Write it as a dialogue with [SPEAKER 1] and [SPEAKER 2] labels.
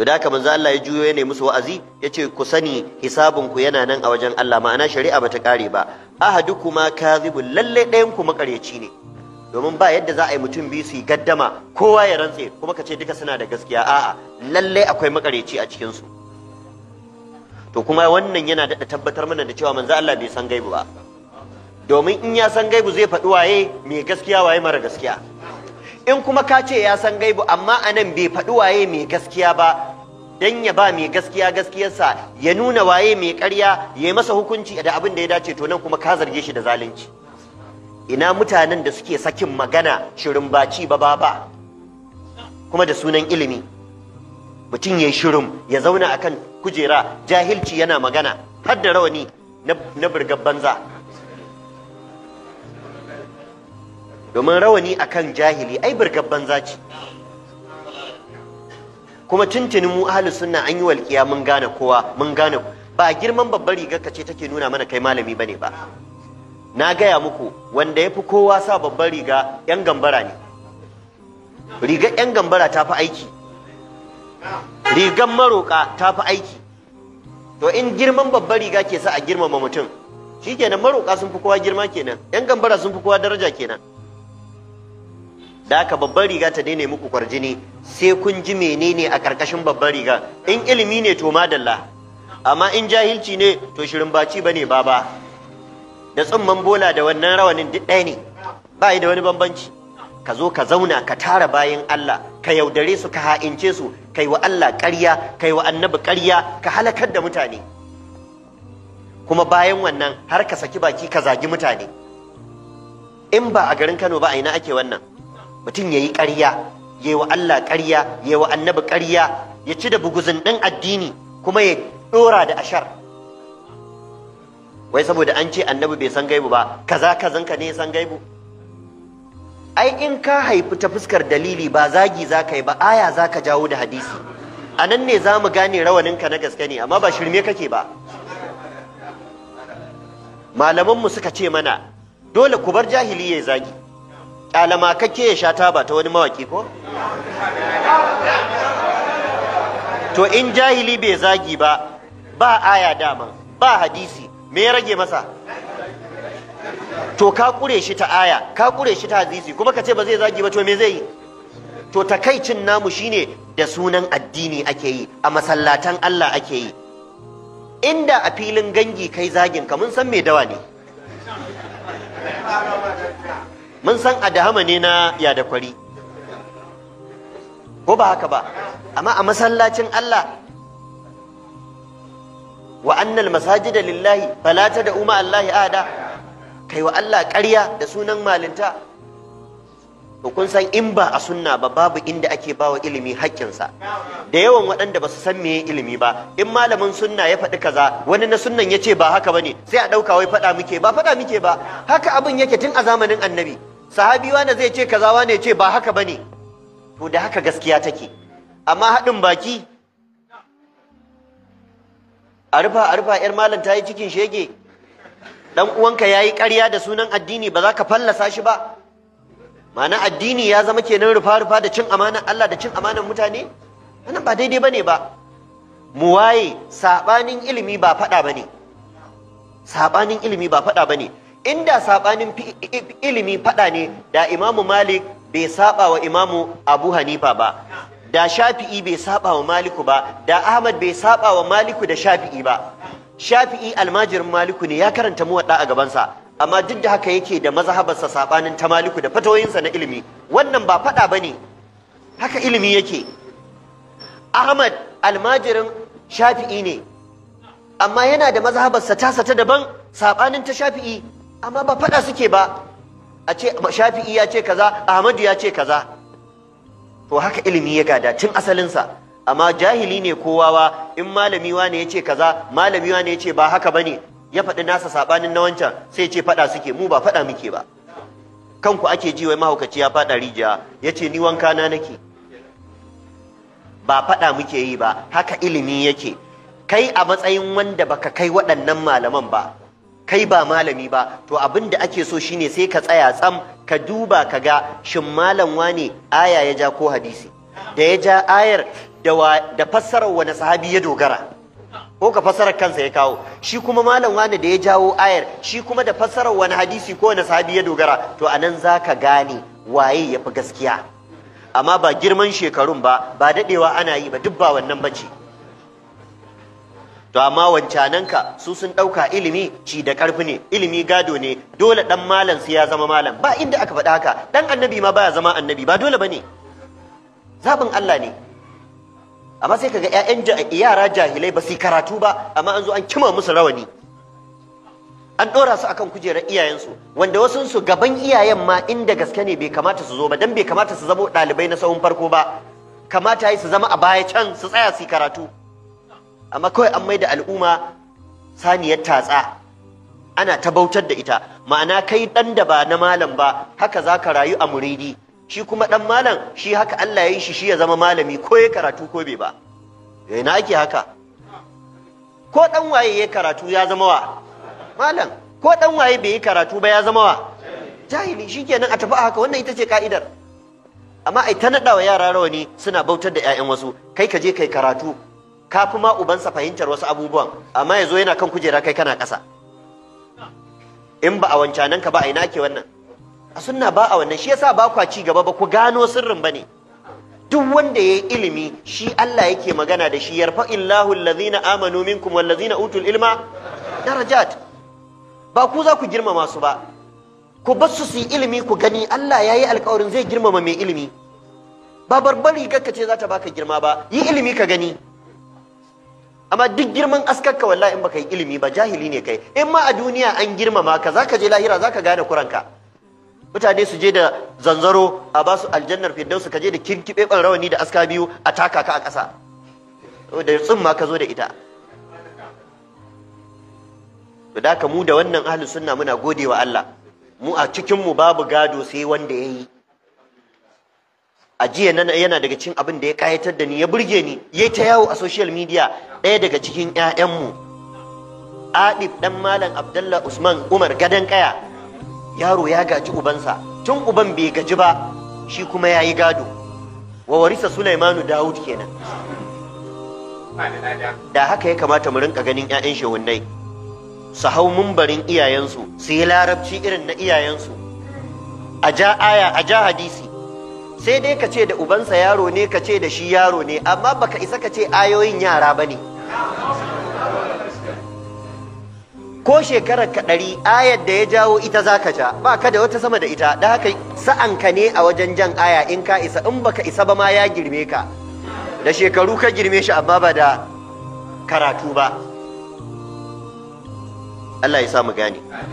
[SPEAKER 1] to da haka manzo Allah ya juyo ya nemi musu wa'azi yace ku sani hisabun ku yana nan a wajen Allah ma'ana shari'a bata kare ba ahadukuma kadhibul lalle ɗayan ku makareci ne domin ba yadda za a yi mutum biyu su yi gaddama kowa ya rantse kuma ka ce duka suna da gaskiya a'a lalle akwai makareci a cikin su to kuma wannan yana daɗa tabbatar mana da cewa manzo Allah bai san gaibu ba domin in ya san gaibu zai faɗi waye mai gaskiya waye mara gaskiya in kuma ka ce ya san gaibu amma a nan bai faɗi waye mai gaskiya ba dan ya ba mai gaskiya gaskiyarsa ya nuna waye mai ƙarya ya yi masa hukunci da abin da ya dace to nan kuma ka zarge shi da zalunci ina mutanen da suke sakin magana shirin baci ba ba kuma da sunan ilimi mutum ya yi shirin ya zauna akan kujera jahilci yana magana har da rawani na burgar banza domin rawani a kan jahili ai burgar banza ce kuma tuntunin mu ahlus suna an yi walƙiya mun gane kowa mun gane ba girman babbar rigar ka ce take nuna mana kai malami bane ba na gaya muku wanda ya fi kowa sa babbar riga yan gambara ne rigar yan gambara ta fi aiki rigar maroƙa ta fi aiki to in girman babbar riga ke sa a girmama mutum shikenan maroƙa sun fi kowa girma kenan yan gambara sun fi kowa daraja kenan da haka babbar riga ta daina muku kwarjini sai kun ji menene a karkashin babbar riga in ilimi ne to madalla amma in jahilci ne to shirin baci bane baba da tsumman bola da wannan rawanin duk ɗaya ne ba da wani bambanci ka zo ka zauna ka tara bayan Allah ka yaudare su ka ha'ince su kai wa Allah ƙarya kai wa annabi ƙarya ka halakar da mutane kuma bayan wannan har ka saki baki ka zagi mutane in ba a garin Kano ba a ina ake wannan mutum ya yi ƙarya ya yi wa Allah ƙarya ya yi wa annabi ƙarya ya ci da buguzin ɗin addini kuma ya ɗora da ashar wai saboda an ce annabi bai san gaibu ba kaza kazan ka ne san gaibu ai in ka haifi ta fuskar dalili ba zagi za ka yi ba aya za ka jawo da hadisi a nan ne za mu gane rawaninka na gaske ne amma ba shirme kake ba malamanmu suka ce mana dole ku bar jahili ya zagi kyalama kake ya sha taba ta wani mawaki ko to in jahili bai zagi ba ba aya dama ba hadisi me ya rage masa to ka kure shi ta aya ka kure shi ta hadisi kuma ka ce ba zai zagi ba to me zai yi to takaicin namu shine da sunan addini ake yi a masallatan Allah ake yi inda a filin gangi kai zagin ka mun san me dawa ne mun san adahama ne na yadakwari ko ba haka ba amma a masallacin Allah wa annal da lillahi fala da umma Allah ada kai wa Allah karya da sunan malinta to kun san in ba a sunna ba babu inda ake bawa ilimi haƙƙinsa da yawan waɗanda ba su san meye ilimi ba in malamin sunna ya faɗi kaza wani na sunnan ya ce ba haka ba ne, sai a ɗauka wai faɗa muke ba faɗa muke ba haka abin yake tun a zamanin annabi sahabi wanda zai ce kaza wane ce ba haka bane to da haka gaskiya take amma haɗin baki a rufa a rufa yar malam ta yi cikin shege dan uwanka yayi ƙarya da sunan addini ba za ka fallasa shi ba ma'ana addini ya zama kenan rufa rufa da cin amanan Allah da cin amanan mutane wannan ba daidai bane ba mu waye sabanin ilimi ba faɗa bane sabanin ilimi ba faɗa bane inda sabanin ilimi fada ne da imamu malik bai saba wa imamu abu hanifa ba da shafi'i bai saba wa maliku ba da ahmad bai saba wa maliku da shafi'i ba shafi'i almajirin maliku ne ya karanta muwadda a gabansa amma duk da haka yake da mazhabarsa sabanin ta maliku da fatoyinsa na ilimi wannan ba fada bane haka ilimi yake ahmad almajirin shafi'i ne amma yana da mazhabarsa tasa ta daban sabanin ta shafi'i amma ba faɗa suke ba a ce shafi'i ya ce kaza ahmadu ya ce kaza to haka ilimi ya gada tun asalinsa amma jahili ne kowa wa in malami wane ya ce kaza malami wane ya ce ba haka bane ya faɗi nasa saɓanin na wancan sai ce faɗa suke mu ba faɗa muke ba kanku ake ji wai mahaukaci ya faɗa rijiya ya ce ni wanka na nake ba faɗa muke yi ba haka ilimi yake kai a matsayin wanda baka kai waɗannan malaman ba kai ba malami ba to abin da ake so shine sai ka tsaya tsam ka duba ka ga shin malam wane aya ya ja ko hadisi da ya ja ayar da fassarar wani sahabi ya dogara ko ka fassarar kansa ya kawo shi kuma malam wane da ya jawo ayar shi kuma da fassarar wani hadisi ko wani sahabi ya dogara to anan za ka gane waye ya fi gaskiya amma ba girman shekarun ba ba daɗewa ana yi ba duk ba wannan bace to amma wancananka su sun ɗauka ilimi ci da ƙarfi ne ilimi gado ne dole ɗan malam sai ya zama malam ba inda aka faɗa haka ɗan annabi ma baya zama annabi ba dole ba ne zaɓin Allah ne amma sai kaga 'ya'yan yara jahilai ba su karatu ba amma an zo an kima musu rawani an ɗora su akan kujerar iyayensu wanda wasun su gaban iyayen ma inda gaske ne bai kamata su zo ba dan bai kamata su zama ɗalibai na sahun farko ba kamata yi su zama a baya can su tsaya su karatu amma kawai an maida al'umma saniyar tatsa ana ta bautar da ita ma'ana kai dan da ba na malam ba haka za ka rayu a muridi shi kuma dan malam shi haka Allah ya yi shi shi ya zama malami ko ya karatu ko bai ba eh, ina ake haka ko dan waye ya karatu ya zama wa malam ko dan waye bai yi karatu ba ya zama wa jahili shikenan a tafi haka wannan ita ce ka'idar amma ai ta nada wa yara rawani suna bautar da 'ya'yan wasu kai ka je kai karatu ka fi ma ubansa fahimtar wasu abubuwan amma ya zo yana kan kujera kai kana ƙasa in ba a wancanan ka ba a ina ake wannan a sunna ba a wannan shi yasa ba kwa ci gaba ba ku gano sirrin ba ne. duk wanda ya yi ilimi shi Allah yake magana da shi yarfa illahu allazina amanu minkum wallazina utul ilma darajat ba ku za ku girmama su ba ku bar su su ilimi ku gani Allah ya yi alƙawarin zai girmama mai ilimi ba barbari ce za ta baka girma ba yi ilimi ka gani amma duk girman askarka wallahi in baka yi ilimi ba jahili ne kai in ma a duniya an girmama ka zaka je lahira zaka gane kuranka mutane su je da zanzaro a basu aljannar firdausu ka je da kirkibe ban rawani da aska biyu a taka ka a ƙasa da tsumma ka zo da ita to da mu da wannan ahlus sunna muna godewa Allah mu a cikin mu babu gado sai wanda yayi a jiya nan yana daga cikin abin da ya kayatar da ni ya burge ni ya ta yawo a social media ɗaya daga cikin ƴaƴanmu Adib ɗan Malam Abdullah Usman Umar gadan kaya yaro ya gaji ubansa tun uban bai gaji ba shi kuma ya yi gado wa warisa Sulaimanu Dawud kenan da haka ya kamata mu rinka ganin ƴaƴan shehunnai su hau mumbarin iyayensu su yi larabci irin na iyayensu a ja a ja hadisi sai dai ka ce da ubansa yaro ne ka ce da shi yaro ne amma baka isa ka ce ayoyin yara ba ne ko shekarar ka ɗari ayar da ya jawo ita za ka ja ba ka da wata sama da ita da haka sa'an ka ne a wajen jan aya in ka isa in baka isa ba ma ya girme ka da shekaru ka girme shi amma ba da karatu ba Allah ya sa mu gane